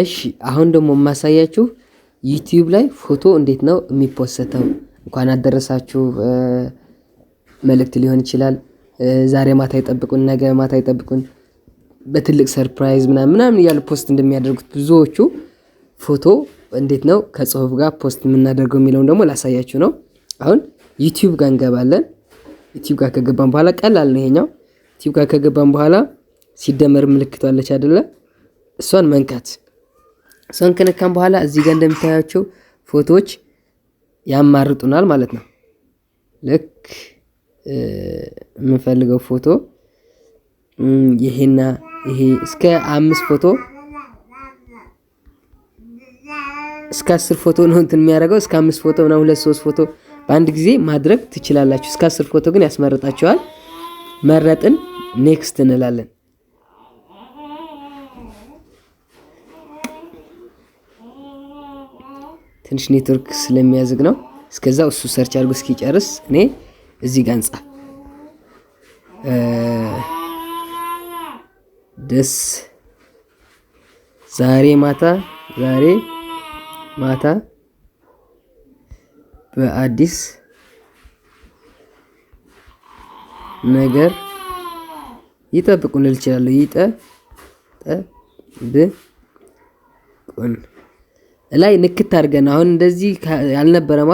እሺ አሁን ደግሞ የማሳያችሁ ዩቲዩብ ላይ ፎቶ እንዴት ነው የሚፖሰተው። እንኳን አደረሳችሁ መልእክት ሊሆን ይችላል። ዛሬ ማታ ይጠብቁን፣ ነገ ማታ ይጠብቁን፣ በትልቅ ሰርፕራይዝ ምናምን ምናምን እያሉ ፖስት እንደሚያደርጉት ብዙዎቹ ፎቶ እንዴት ነው ከጽሁፍ ጋር ፖስት የምናደርገው የሚለውን ደግሞ ላሳያችሁ ነው። አሁን ዩቲዩብ ጋር እንገባለን። ዩቲዩብ ጋር ከገባን በኋላ ቀላል ነው ይሄኛው። ዩቲዩብ ጋር ከገባን በኋላ ሲደመር ምልክቷለች አደለ? እሷን መንካት እሷን ከነካም በኋላ እዚህ ጋር እንደምታያቸው ፎቶዎች ያማርጡናል ማለት ነው። ልክ የምንፈልገው ፎቶ ይሄና ይሄ እስከ አምስት ፎቶ እስከ አስር ፎቶ ነው እንትን የሚያደርገው እስከ አምስት ፎቶ እና ሁለት ሶስት ፎቶ በአንድ ጊዜ ማድረግ ትችላላችሁ። እስከ አስር ፎቶ ግን ያስመርጣቸዋል። መረጥን ኔክስት እንላለን። ትንሽ ኔትወርክ ስለሚያዝግ ነው። እስከዛ እሱ ሰርች አድርጎ እስኪጨርስ እኔ እዚህ ጋር እንጻፍ። ደስ ዛሬ ማታ ዛሬ ማታ በአዲስ ነገር ይጠብቁን ልል እችላለሁ። ይጠ ቁን ላይ ንክት አድርገን አሁን እንደዚህ ያልነበረማ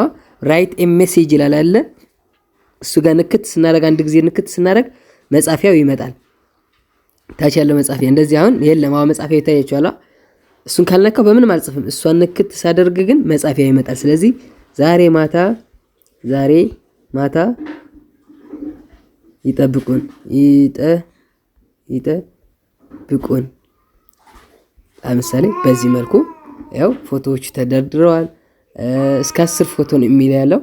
ራይት ሜሴጅ ይላል አለ እሱ ጋር ንክት ስናደረግ አንድ ጊዜ ንክት ስናደረግ መጻፊያው ይመጣል። ታች ያለው መጻፊያ እንደዚህ አሁን የለም። አሁን መጻፊያ ይታያችኋል። እሱን ካልነካው በምንም አልጽፍም። እሷን ንክት ሳደርግ ግን መጻፊያ ይመጣል። ስለዚህ ዛሬ ማታ ዛሬ ማታ ይጠብቁን ይጠ ይጠብቁን። ለምሳሌ በዚህ መልኩ ያው ፎቶዎች ተደርድረዋል። እስከ አስር ፎቶ ነው የሚል ያለው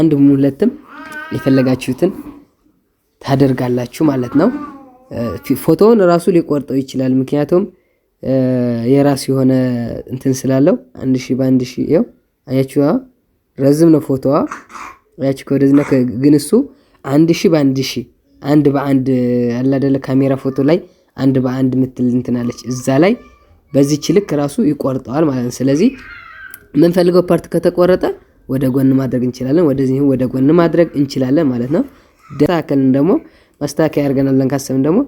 አንድም ሁለትም የፈለጋችሁትን ታደርጋላችሁ ማለት ነው። ፎቶውን ራሱ ሊቆርጠው ይችላል። ምክንያቱም የራሱ የሆነ እንትን ስላለው አንድ ሺ በአንድ ሺ ው አያችሁ ረዝም ነው ፎቶዋ ያች ከወደዝና ግን እሱ አንድ ሺ በአንድ ሺ አንድ በአንድ አላደለ ካሜራ ፎቶ ላይ አንድ በአንድ ምትል እንትናለች እዛ ላይ በዚች ልክ ራሱ ይቆርጠዋል ማለት ነው። ስለዚህ የምንፈልገው ፓርት ከተቆረጠ ወደ ጎን ማድረግ እንችላለን፣ ወደዚህ ወደ ጎን ማድረግ እንችላለን ማለት ነው። ደካከልን ደግሞ ማስተካከያ ያደርገናል ካሰብን ደግሞ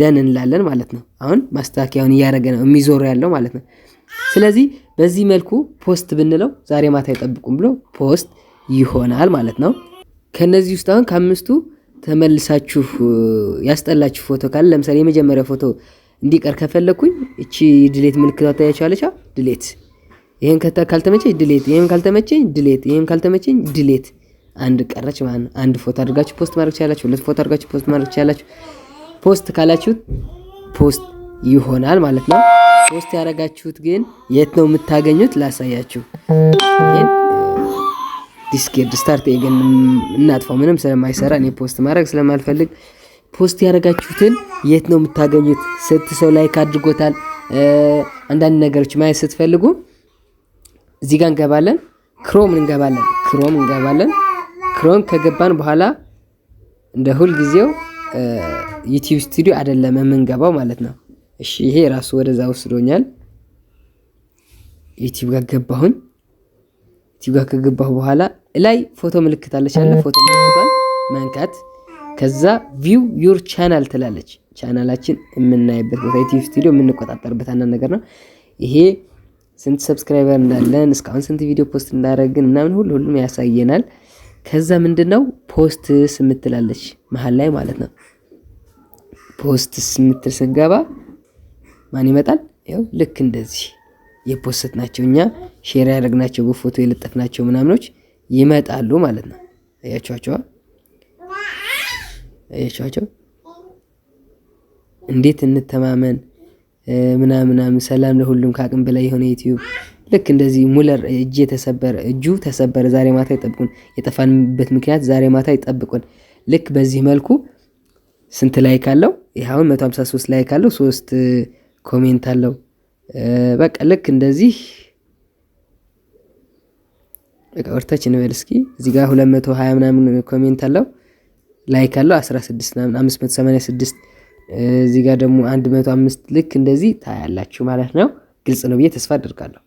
ደን እንላለን ማለት ነው። አሁን ማስተካከያውን እያደረገ ነው የሚዞሩ ያለው ማለት ነው። ስለዚህ በዚህ መልኩ ፖስት ብንለው ዛሬ ማታ አይጠብቁም ብሎ ፖስት ይሆናል ማለት ነው። ከነዚህ ውስጥ አሁን ከአምስቱ ተመልሳችሁ ያስጠላችሁ ፎቶ ካለ ለምሳሌ የመጀመሪያ ፎቶ እንዲቀር ከፈለግኩኝ እቺ ድሌት ምልክት ታያችኋለች። ድሌት ይህን ካልተመቸኝ ድሌት፣ ይህም ካልተመቸኝ ድሌት፣ ይህም ካልተመቸኝ ድሌት። አንድ ቀረች ማለት ነው። አንድ ፎቶ አድርጋችሁ ፖስት ማድረግ ቻላችሁ። ሁለት ፎቶ አድርጋችሁ ፖስት ማድረግ ቻላችሁ። ፖስት ካላችሁት ፖስት ይሆናል ማለት ነው። ፖስት ያደረጋችሁት ግን የት ነው የምታገኙት? ላሳያችሁ። ዲስኬድ ስታርት ግን እናጥፋው፣ ምንም ስለማይሰራ እኔ ፖስት ማድረግ ስለማልፈልግ ፖስት ያደረጋችሁትን የት ነው የምታገኙት? ስት ሰው ላይክ አድርጎታል? አንዳንድ ነገሮች ማየት ስትፈልጉ እዚህ ጋር እንገባለን። ክሮም እንገባለን። ክሮም እንገባለን። ክሮም ከገባን በኋላ እንደ ሁልጊዜው ዩቲዩብ ስቱዲዮ አይደለም የምንገባው ማለት ነው። እሺ ይሄ ራሱ ወደዛ ወስዶኛል። ዩቲዩብ ጋር ገባሁኝ። ዩቲዩብ ጋር ከገባሁ በኋላ ላይ ፎቶ ምልክት አለች። ፎቶ ምልክቷን መንካት ከዛ ቪው ዩር ቻናል ትላለች። ቻናላችን የምናይበት ቦታ ዩቲዩብ ስቱዲዮ የምንቆጣጠርበት አንዳንድ ነገር ነው ይሄ። ስንት ሰብስክራይበር እንዳለን እስካሁን ስንት ቪዲዮ ፖስት እንዳደረግን ምናምን ሁሉ ሁሉም ያሳየናል። ከዛ ምንድነው ፖስትስ የምትላለች መሀል ላይ ማለት ነው። ፖስትስ የምትል ስንገባ ማን ይመጣል? ያው ልክ እንደዚህ የፖስት ናቸው እኛ ሼር ያደረግናቸው በፎቶ የለጠፍናቸው ምናምኖች ይመጣሉ ማለት ነው። አያችኋቸዋ አያችኋቸው እንዴት እንተማመን ምናምናምን ሰላም ለሁሉም ከአቅም በላይ የሆነ ዩቲዩብ ልክ እንደዚህ ሙለር እጅ ተሰበረ እጁ ተሰበረ። ዛሬ ማታ ይጠብቁን። የጠፋንበት ምክንያት ዛሬ ማታ ይጠብቁን። ልክ በዚህ መልኩ ስንት ላይክ አለው? ይኸውን 153 ላይክ አለው፣ ሶስት ኮሜንት አለው። በቃ ልክ እንደዚህ በቃ ወርታች እንበል እስኪ እዚህ ጋር 220 ምናምን ኮሜንት አለው። ላይክ አለው 16 586 እዚህ ጋር ደግሞ 105 ልክ እንደዚህ ታያላችሁ ማለት ነው። ግልጽ ነው ብዬ ተስፋ አድርጋለሁ።